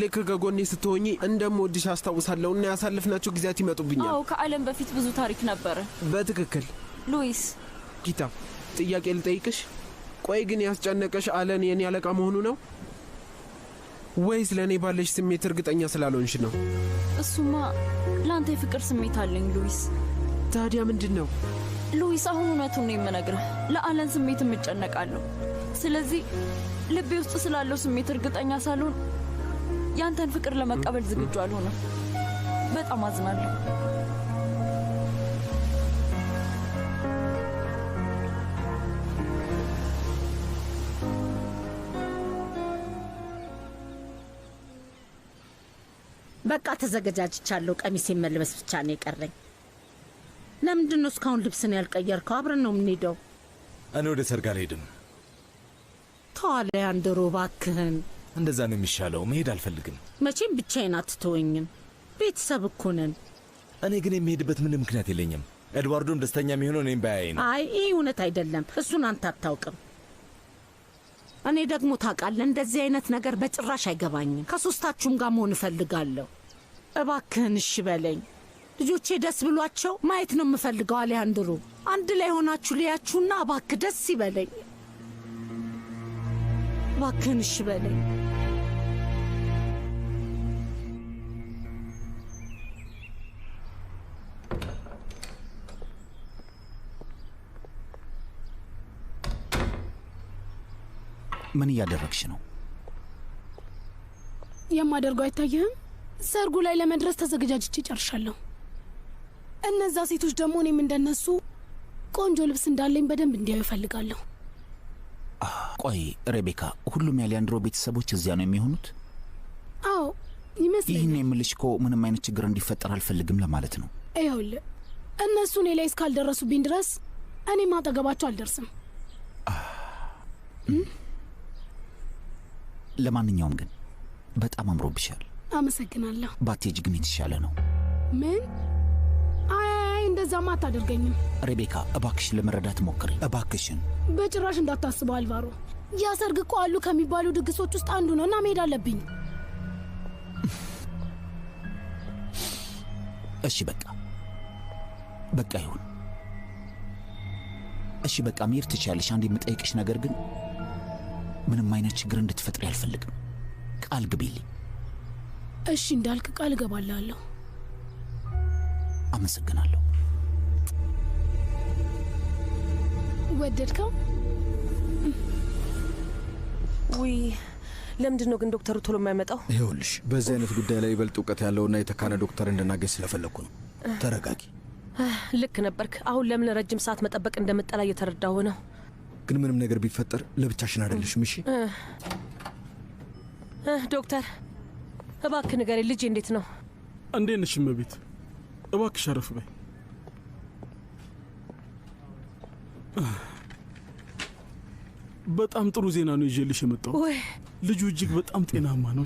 ልክ ከጎኔ ስትሆኚ እንደምወድሽ አስታውሳለሁ እና ያሳለፍናቸው ጊዜያት ይመጡብኛል። አዎ ከዓለም በፊት ብዙ ታሪክ ነበረ። በትክክል ሉዊስ። ጊታ ጥያቄ ልጠይቅሽ። ቆይ ግን ያስጨነቀሽ አለን የኔ አለቃ መሆኑ ነው ወይስ ለእኔ ባለሽ ስሜት እርግጠኛ ስላልሆንሽ ነው? እሱማ ለአንተ የፍቅር ስሜት አለኝ ሉዊስ። ታዲያ ምንድን ነው ሉዊስ? አሁን እውነቱን ነው የምነግርህ። ለአለን ስሜት እምጨነቃለሁ። ስለዚህ ልቤ ውስጥ ስላለው ስሜት እርግጠኛ ሳልሆን ያንተን ፍቅር ለመቀበል ዝግጁ አልሆነም። በጣም አዝናለሁ። በቃ ተዘገጃጅቻለሁ። ቀሚሴ መልበስ ብቻ ነው የቀረኝ። ለምንድን ነው እስካሁን ልብስን ያልቀየርከው? አብረን ነው የምንሄደው። እኔ ወደ ሰርግ አልሄድም። ተዋለ አንድ ሮባክህን እንደዛ ነው የሚሻለው። መሄድ አልፈልግም። መቼም ብቻዬን አትተወኝም። ቤተሰብ እኮ ነን። እኔ ግን የሚሄድበት ምንም ምክንያት የለኝም። ኤድዋርዶም ደስተኛ የሚሆነው እኔም በያይ ነው። አይ ይህ እውነት አይደለም። እሱን አንተ አታውቅም። እኔ ደግሞ ታውቃለህ፣ እንደዚህ አይነት ነገር በጭራሽ አይገባኝም። ከሶስታችሁም ጋር መሆን እፈልጋለሁ። እባክህን እሺ በለኝ። ልጆቼ ደስ ብሏቸው ማየት ነው የምፈልገው። አሊያንድሮ አንድ ላይ ሆናችሁ ልያችሁና፣ እባክህ ደስ ይበለኝ። እባክህን እሺ በለኝ። ምን እያደረግሽ ነው? የማደርገው አይታየህም? ሰርጉ ላይ ለመድረስ ተዘገጃጅቼ ጨርሻለሁ። እነዛ ሴቶች ደግሞ እኔም እንደነሱ ቆንጆ ልብስ እንዳለኝ በደንብ እንዲያዩ ይፈልጋለሁ። ቆይ ሬቤካ፣ ሁሉም የአሊያንድሮ ቤተሰቦች እዚያ ነው የሚሆኑት? አዎ ይመስለኛል። ይህን የምልሽ እኮ ምንም አይነት ችግር እንዲፈጠር አልፈልግም ለማለት ነው። ይኸውልህ እነሱ እኔ ላይ እስካልደረሱብኝ ድረስ እኔም አጠገባቸው አልደርስም። ለማንኛውም ግን በጣም አምሮብሻል። አመሰግናለሁ። ባቴጅ ግን የተሻለ ነው። ምን እንደዛማ አታደርገኝም። ሬቤካ እባክሽ ለመረዳት ሞክሪ፣ እባክሽን። በጭራሽ እንዳታስበው አልቫሮ። ያ ሰርግ እኮ አሉ ከሚባሉ ድግሶች ውስጥ አንዱ ነው እና መሄድ አለብኝ። እሺ በቃ በቃ ይሁን። እሺ በቃ መሄድ ትችያለሽ። አንድ የምጠይቅሽ ነገር ግን ምንም አይነት ችግር እንድትፈጥሪ አልፈልግም። ቃል ግቢልኝ። እሺ እንዳልክ ቃል እገባልሃለሁ። አመሰግናለሁ። ወደድከው? ውይ ለምንድን ነው ግን ዶክተሩ ቶሎ የማይመጣው? ይኸውልሽ በዚህ አይነት ጉዳይ ላይ ይበልጥ እውቀት ያለውና የተካነ ዶክተር እንድናገኝ ስለፈለግኩ ነው። ተረጋጊ። ልክ ነበርክ። አሁን ለምን ረጅም ሰዓት መጠበቅ እንደምጠላ እየተረዳሁ ነው። ግን ምንም ነገር ቢፈጠር ለብቻሽን አይደለሽም። እሺ ዶክተር፣ እባክህ ንገሬ ልጄ እንዴት ነው? እንዴት ነሽ እመቤት? እባክሽ አረፍ በይ። በጣም ጥሩ ዜና ነው ይዤልሽ የመጣው። ልጁ እጅግ በጣም ጤናማ ነው።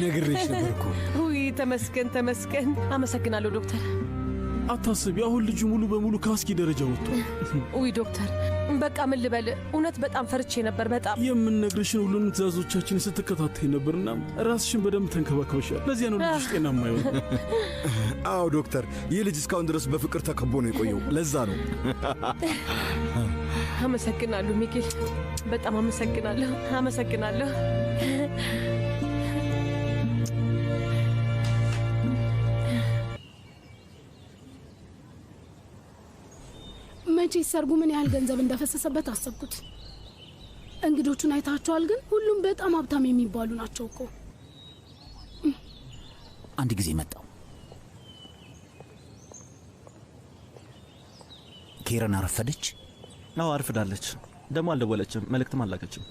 ነግሬሽ ነበር እኮ። ውይ ተመስገን ተመስገን። አመሰግናለሁ ዶክተር። አታስቢ፣ አሁን ልጁ ሙሉ በሙሉ ከአስጊ ደረጃ ወጥቷል። ውይ ዶክተር፣ በቃ ምን ልበል፣ እውነት በጣም ፈርቼ ነበር። በጣም የምንነግርሽን ሁሉንም ትእዛዞቻችን ስትከታተይ ነበርና ራስሽን በደንብ ተንከባከበሻል። ለዚያ ነው ልጅሽ ጤናማ ይሆን። አዎ ዶክተር፣ ይህ ልጅ እስካሁን ድረስ በፍቅር ተከቦ ነው የቆየው። ለዛ ነው። አመሰግናለሁ ሚኪል፣ በጣም አመሰግናለሁ፣ አመሰግናለሁ። መቼስ ሰርጉ ምን ያህል ገንዘብ እንደፈሰሰበት አሰብኩት። እንግዶቹን አይታቸዋል? ግን ሁሉም በጣም ሀብታም የሚባሉ ናቸው እኮ። አንድ ጊዜ መጣው ኬረን አረፈደች? አዎ አርፍዳለች። ደግሞ አልደወለችም፣ መልእክትም አላከችም።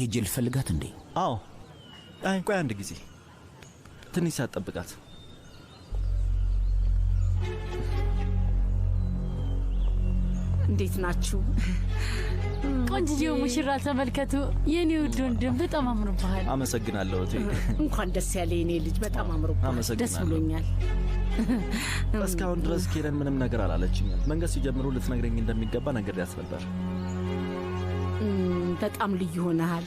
ሄጄ ልፈልጋት እንዴ? አዎ። አይ ቆይ አንድ ጊዜ ትንሽ ሳትጠብቃት እንዴት ናችሁ? ቆንጅዬ ሙሽራ ተመልከቱ። የኔ ውድ ወንድም በጣም አምሮብሃል። አመሰግናለሁ። እንኳን ደስ ያለ የኔ ልጅ፣ በጣም አምሮብሃል። ደስ ብሎኛል። እስካሁን ድረስ ኬረን ምንም ነገር አላለችኝ። መንገድ ሲጀምሩ ልትነግረኝ እንደሚገባ ነገር ነበር። በጣም ልዩ ሆነሃል።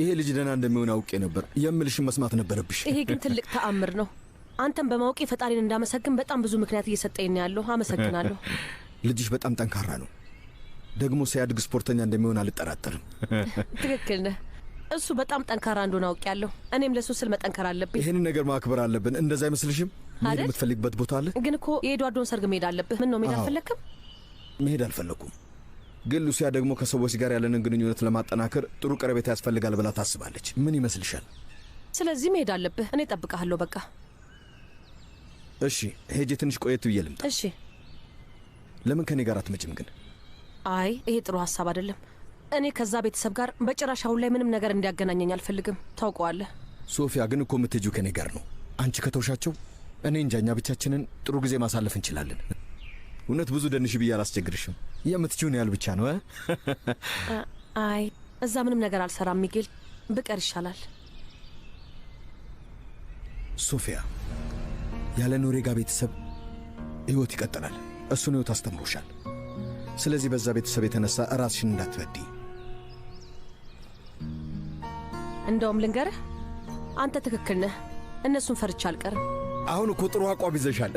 ይሄ ልጅ ደህና እንደሚሆን አውቄ ነበር። የምልሽን መስማት ነበረብሽ። ይሄ ግን ትልቅ ተአምር ነው። አንተም በማወቄ ፈጣሪን እንዳመሰግን በጣም ብዙ ምክንያት እየሰጠኝ ያለሁ። አመሰግናለሁ። ልጅሽ በጣም ጠንካራ ነው። ደግሞ ሲያድግ ስፖርተኛ እንደሚሆን አልጠራጠርም። ትክክል ነህ። እሱ በጣም ጠንካራ እንደሆነ አውቄያለሁ። እኔም ለሱ ስል መጠንከር አለብኝ። ይህንን ነገር ማክበር አለብን። እንደዛ አይመስልሽም? መሄድ የምትፈልግበት ቦታ አለ። ግን እኮ የኤድዋርዶን ሰርግ መሄድ አለብህ። ምን ነው መሄድ አልፈለግክም? መሄድ አልፈለግኩም። ግን ሉሲያ ደግሞ ከሰዎች ጋር ያለንን ግንኙነት ለማጠናከር ጥሩ ቀረቤታ ያስፈልጋል ብላ ታስባለች። ምን ይመስልሻል? ስለዚህ መሄድ አለብህ። እኔ ጠብቃለሁ በቃ እሺ፣ ሄጄ ትንሽ ቆየት ብዬ ልምጣ። እሺ ለምን ከኔ ጋር አትመጭም ግን? አይ ይሄ ጥሩ ሀሳብ አይደለም። እኔ ከዛ ቤተሰብ ጋር በጭራሽ አሁን ላይ ምንም ነገር እንዲያገናኘኝ አልፈልግም። ታውቀዋለህ። ሶፊያ ግን እኮ የምትሄጂው ከኔ ጋር ነው። አንቺ ከተውሻቸው እኔ እንጃ፣ እኛ ብቻችንን ጥሩ ጊዜ ማሳለፍ እንችላለን። እውነት ብዙ ደንሽ ብዬ አላስቸግርሽም። የምትችውን ያህል ብቻ ነው። አይ እዛ ምንም ነገር አልሰራም። ሚጌል ብቀር ይሻላል። ሶፊያ ያለ ኖሬጋ ቤተሰብ ህይወት ይቀጥላል። እሱን ሕይወት አስተምሮሻል። ስለዚህ በዛ ቤተሰብ የተነሳ ራስሽን እንዳትበዲ። እንደውም ልንገርህ፣ አንተ ትክክል ነህ። እነሱን ፈርቻ አልቀርም። አሁን እኮ ጥሩ አቋም ይዘሻል።